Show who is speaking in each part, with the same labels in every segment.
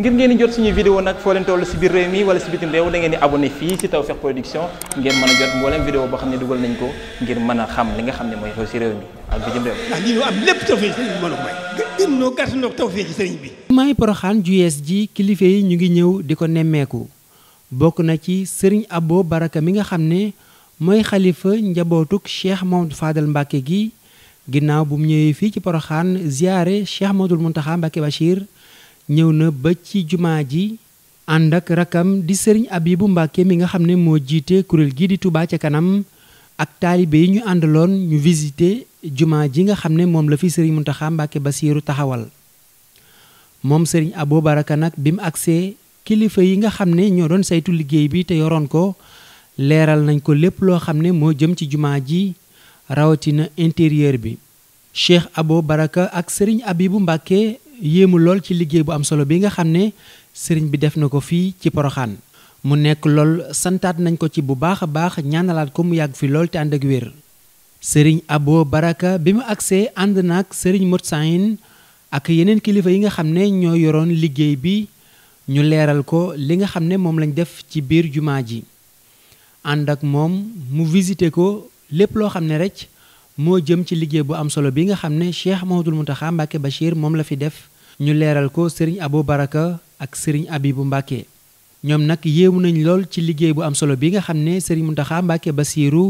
Speaker 1: ngir ngeen jot suñu vidéo nag foo leen si biir réew mi wala si bitim réew da ngeen di abonné fii si Tawfekh Production ngeen mën a jot mboolem vidéo boo xam ne dugal nañ ko ngir mën a xam li nga xam ne mooy xew si réew mi ak bitim réew.
Speaker 2: ndax lii kilifa yi ñu ngi ñëw di ko nemmeeku bokk na ci sëriñ Abo Baraka mi nga xam ne mooy xalifa njabootuk cheikh Mamadou Fadal Mbacke gi ginnaaw bu mu ñëwee fii ci poroxaan ziare cheikh Mamadou Mountakha Mbacke Bachir ñëw na ba ci jumaa ji ànd ak rakam di sëriñ bu Mbàkke mi nga xam ne moo jiite kuréel gii di Touba ca kanam ak taalibe yi ñu àndaloon ñu visité jumaa ji nga xam ne moom la fi sëriñ Muntaxa Mbàkke Basiiru taxawal moom sëriñ Abo Baraka nag bi agsee kilifa yi nga xam ne ñoo doon saytu liggéey bi te yoroon ko leeral nañ ko lépp loo xam ne moo jëm ci jumaa ji rawatina intérieur bi Cheikh Abo Baraka ak sëriñ Abibu Mbàkke yéemu lool ci liggéey bu am solo bi nga xam ne sëriñ bi def na ko fii ci Poroxaan mu nekk lool santaat nañ ko ci bu baax a baax ñaanalaat ko mu yàgg fi lool te ànd ak wér sëriñ Abo Baraka bi mu agsee ànd naag sëriñ Mot Sahin ak yeneen kilifa yi nga xam ne ñoo yoroon liggéey bi ñu leeral ko li nga xam ne moom lañ def ci biir jumaa ji ànd ak moom mu visité ko lépp loo xam ne rek moo jëm ci liggéey bu am solo bi nga xam ne Cheikh Mahamadul Muntaxa Mbàkke Bachir moom la fi def ñu leeral ko sëriñ abu Baraka ak sëriñ Abibu Mbàkke ñoom nag yéemu nañ lool ci liggéey bu am solo bi nga xam ne sëriñ Muntaxa Mbàkke siiru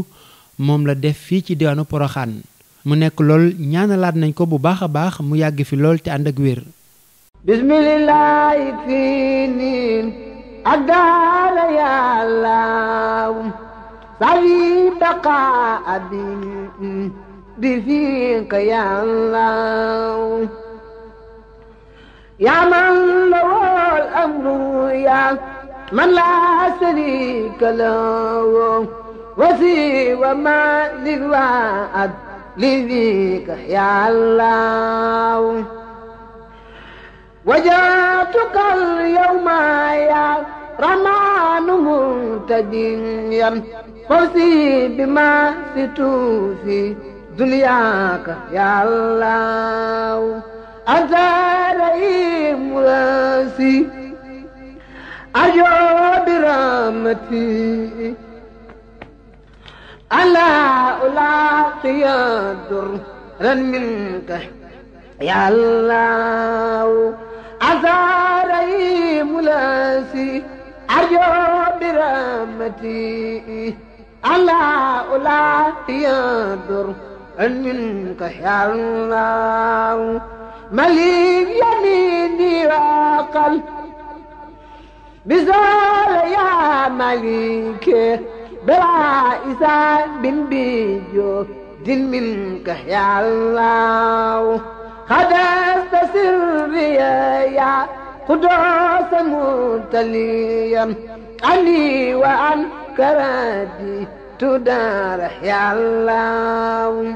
Speaker 2: moom la def fii ci diwaanu Poroxaan mu nekk lool ñaanalaat nañ ko bu baax a baax mu yàgg fi lool te ànd ak wér
Speaker 3: bismillaahi fii niin ak daara yàllaaw sawi baqaa abi bi fii ka yàllaaw yaa man lawoo amru yaa man laa sharika lahu wasi wa ma lil waad lidika ya allah wajatuka al yawma ya rahman muntadiyan fawzi bima situfi dunyaka ya allah أزاري مراسي أجو برامتي ألا ألاقي درا منك يا الله أزاري ملاسي أجو برامتي ألا ألاقي درا منك يا الله مليك يميني وقل بزال يا مليك بلا إسان بن بيجو دل منك يا الله خدست سري يا قدوس متليا عني وعن كرادي تدار يا الله